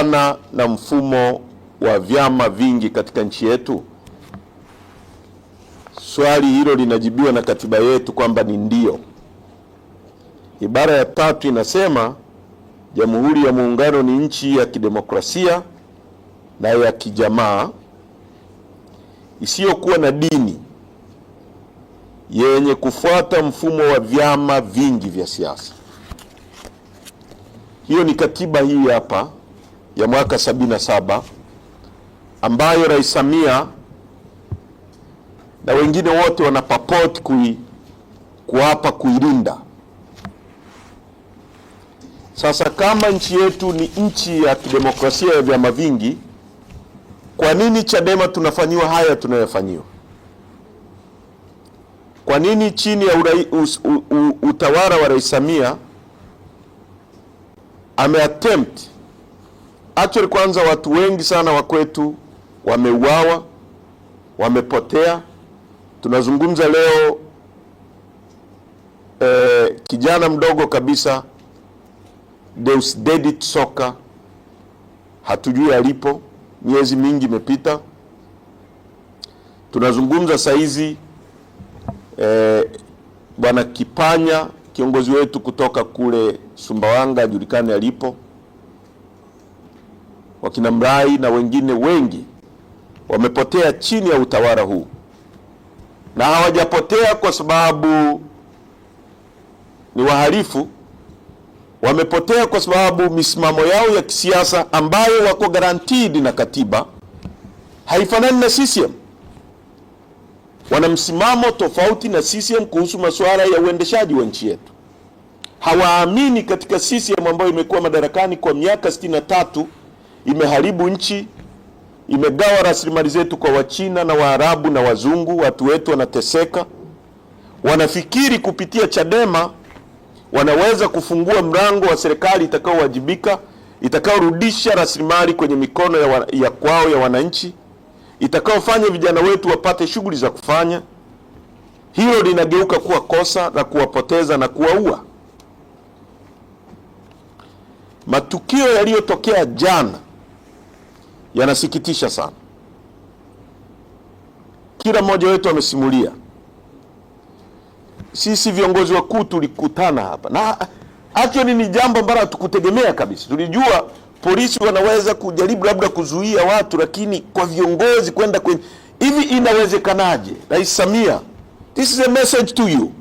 Ana na mfumo wa vyama vingi katika nchi yetu? Swali hilo linajibiwa na katiba yetu kwamba ni ndio. Ibara ya tatu inasema Jamhuri ya Muungano ni nchi ya kidemokrasia na ya kijamaa isiyokuwa na dini yenye kufuata mfumo wa vyama vingi vya siasa. Hiyo ni katiba hii hapa ya mwaka 77 ambayo Rais Samia na wengine wote wanapapoti kui kuapa kuilinda. Sasa kama nchi yetu ni nchi ya kidemokrasia ya vyama vingi, kwa nini Chadema tunafanyiwa haya tunayofanyiwa? Kwa nini chini ya urai, us, u, u, utawala wa Rais Samia ameattempt Actually, kwanza watu wengi sana wa kwetu wameuawa, wamepotea. Tunazungumza leo eh, kijana mdogo kabisa Deusdedit Soka hatujui alipo, miezi mingi imepita. Tunazungumza saizi eh, bwana Kipanya kiongozi wetu kutoka kule Sumbawanga ajulikane alipo wakina Mrai na wengine wengi wamepotea chini ya utawala huu, na hawajapotea kwa sababu ni wahalifu, wamepotea kwa sababu misimamo yao ya kisiasa ambayo wako guaranteed na katiba haifanani na CCM. Wana msimamo tofauti na CCM kuhusu masuala ya uendeshaji wa nchi yetu. Hawaamini katika CCM ambayo imekuwa madarakani kwa miaka sitini tatu imeharibu nchi, imegawa rasilimali zetu kwa Wachina na Waarabu na Wazungu. Watu wetu wanateseka, wanafikiri kupitia Chadema wanaweza kufungua mlango wa serikali itakaowajibika itakaorudisha rasilimali kwenye mikono ya, wa, ya kwao ya wananchi itakaofanya vijana wetu wapate shughuli za kufanya. Hilo linageuka kuwa kosa la kuwapoteza na kuwaua. Matukio yaliyotokea jana yanasikitisha sana. Kila mmoja wetu amesimulia. Sisi viongozi wakuu tulikutana hapa, na actually ni jambo ambalo hatukutegemea kabisa. Tulijua polisi wanaweza kujaribu labda kuzuia watu, lakini kwa viongozi kwenda kwenye hivi, inawezekanaje? Rais Samia, this is a message to you.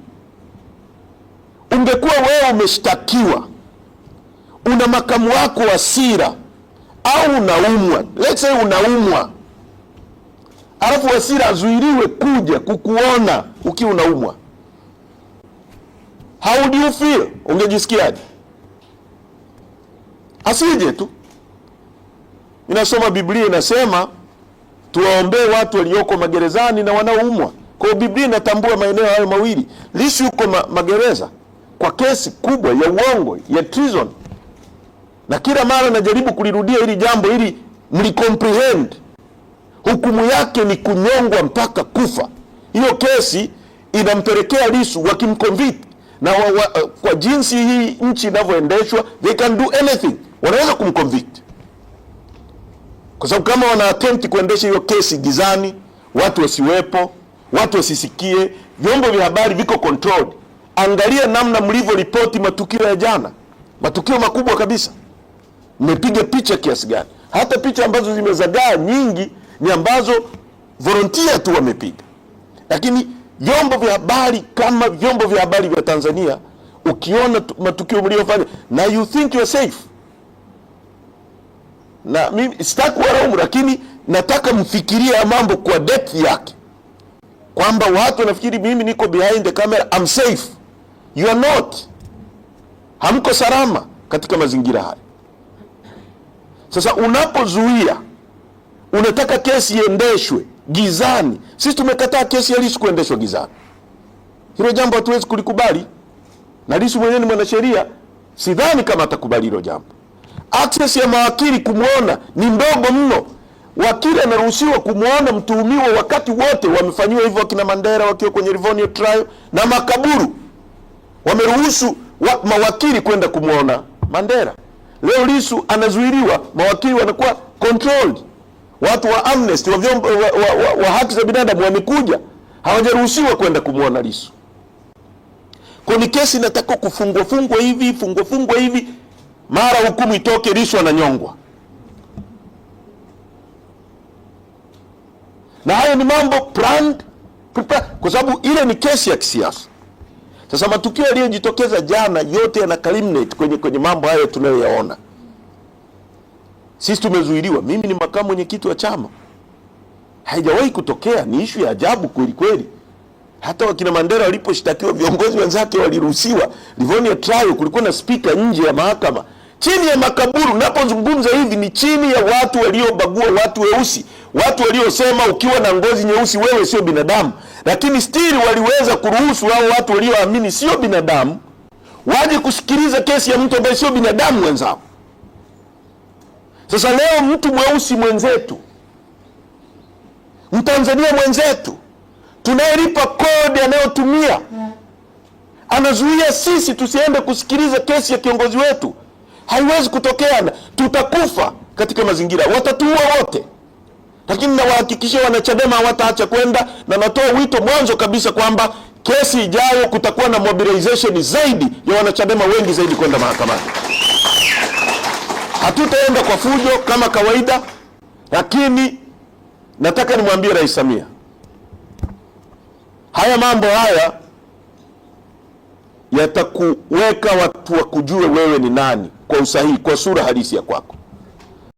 Ungekuwa wewe umeshtakiwa, una makamu wako Wasira au unaumwa, let's say unaumwa, alafu Wasira azuiriwe kuja kukuona ukiwa unaumwa, how do you feel? Ungejisikiaje? Asije tu. Inasoma Biblia inasema tuwaombee watu walioko magerezani na wanaoumwa. Kwa hiyo Biblia inatambua maeneo hayo mawili. lisi yuko ma magereza kwa kesi kubwa ya uongo ya treason na kila mara najaribu kulirudia hili jambo ili mlicomprehend. Hukumu yake ni kunyongwa mpaka kufa. Hiyo kesi inampelekea Lisu wakimconvict na wa, wa, uh, kwa jinsi hii nchi inavyoendeshwa they can do anything, wanaweza kumconvict kwa sababu kama wana attempt kuendesha hiyo kesi gizani, watu wasiwepo, watu wasisikie, vyombo vya habari viko controlled. Angalia namna mlivyoripoti matukio ya jana, matukio makubwa kabisa mmepiga picha kiasi gani? Hata picha ambazo zimezagaa nyingi ni ambazo volunteer tu wamepiga, lakini vyombo vya habari kama vyombo vya habari vya Tanzania, ukiona matukio mliyofanya na you think you are safe, na mimi sitaki lakini nataka mfikirie mambo kwa depth yake, kwamba watu wanafikiri mimi niko behind the camera I'm safe. You are not, hamko salama katika mazingira haya. Sasa unapozuia unataka kesi iendeshwe gizani. Sisi tumekataa kesi ya Lissu kuendeshwa gizani, hilo jambo hatuwezi kulikubali, na Lissu mwenyewe ni mwanasheria, sidhani kama atakubali hilo jambo. Access ya mawakili kumwona ni ndogo mno. Wakili anaruhusiwa kumwona mtuhumiwa wakati wote. Wamefanyiwa hivyo wakina Mandera wakiwa kwenye Livonia trial na makaburu, wameruhusu wa, mawakili kwenda kumwona Mandera. Leo Lisu anazuiliwa, mawakili wanakuwa controlled. Watu wa Amnesty wa, vyombo, wa, wa, wa, wa haki za binadamu wamekuja, hawajaruhusiwa kwenda kumwona Lisu. Kwa ni kesi inataka kufungwa fungwa hivi fungwa fungwa hivi, mara hukumu itoke, Lisu ananyongwa. Na hayo ni mambo planned, kwa sababu ile ni kesi ya kisiasa. Sasa matukio yaliyojitokeza jana yote yana culminate kwenye, kwenye mambo hayo tunayoyaona. Sisi tumezuiliwa, mimi ni makamu mwenyekiti wa chama, haijawahi kutokea. Ni ishu ya ajabu kweli kweli. Hata wakina Mandela waliposhtakiwa viongozi wenzake waliruhusiwa. Livonia trial kulikuwa na spika nje ya mahakama chini ya makaburu. Napozungumza hivi ni chini ya watu waliobagua watu weusi, watu waliosema ukiwa na ngozi nyeusi wewe sio binadamu lakini stili waliweza kuruhusu hao watu walioamini sio binadamu waje kusikiliza kesi ya mtu ambaye sio binadamu wenzao. Sasa leo mtu mweusi mwenzetu, mtanzania mwenzetu, tunayelipa kodi anayotumia, anazuia sisi tusiende kusikiliza kesi ya kiongozi wetu. Haiwezi kutokea, tutakufa katika mazingira, watatuua wote lakini nawahakikishia wanachadema hawataacha kwenda, na natoa wito mwanzo kabisa kwamba kesi ijayo kutakuwa na mobilization zaidi ya wanachadema wengi zaidi kwenda mahakamani. Hatutaenda kwa fujo kama kawaida, lakini nataka nimwambie Rais Samia haya mambo haya yatakuweka watu wakujue wewe ni nani kwa usahihi, kwa sura halisi ya kwako.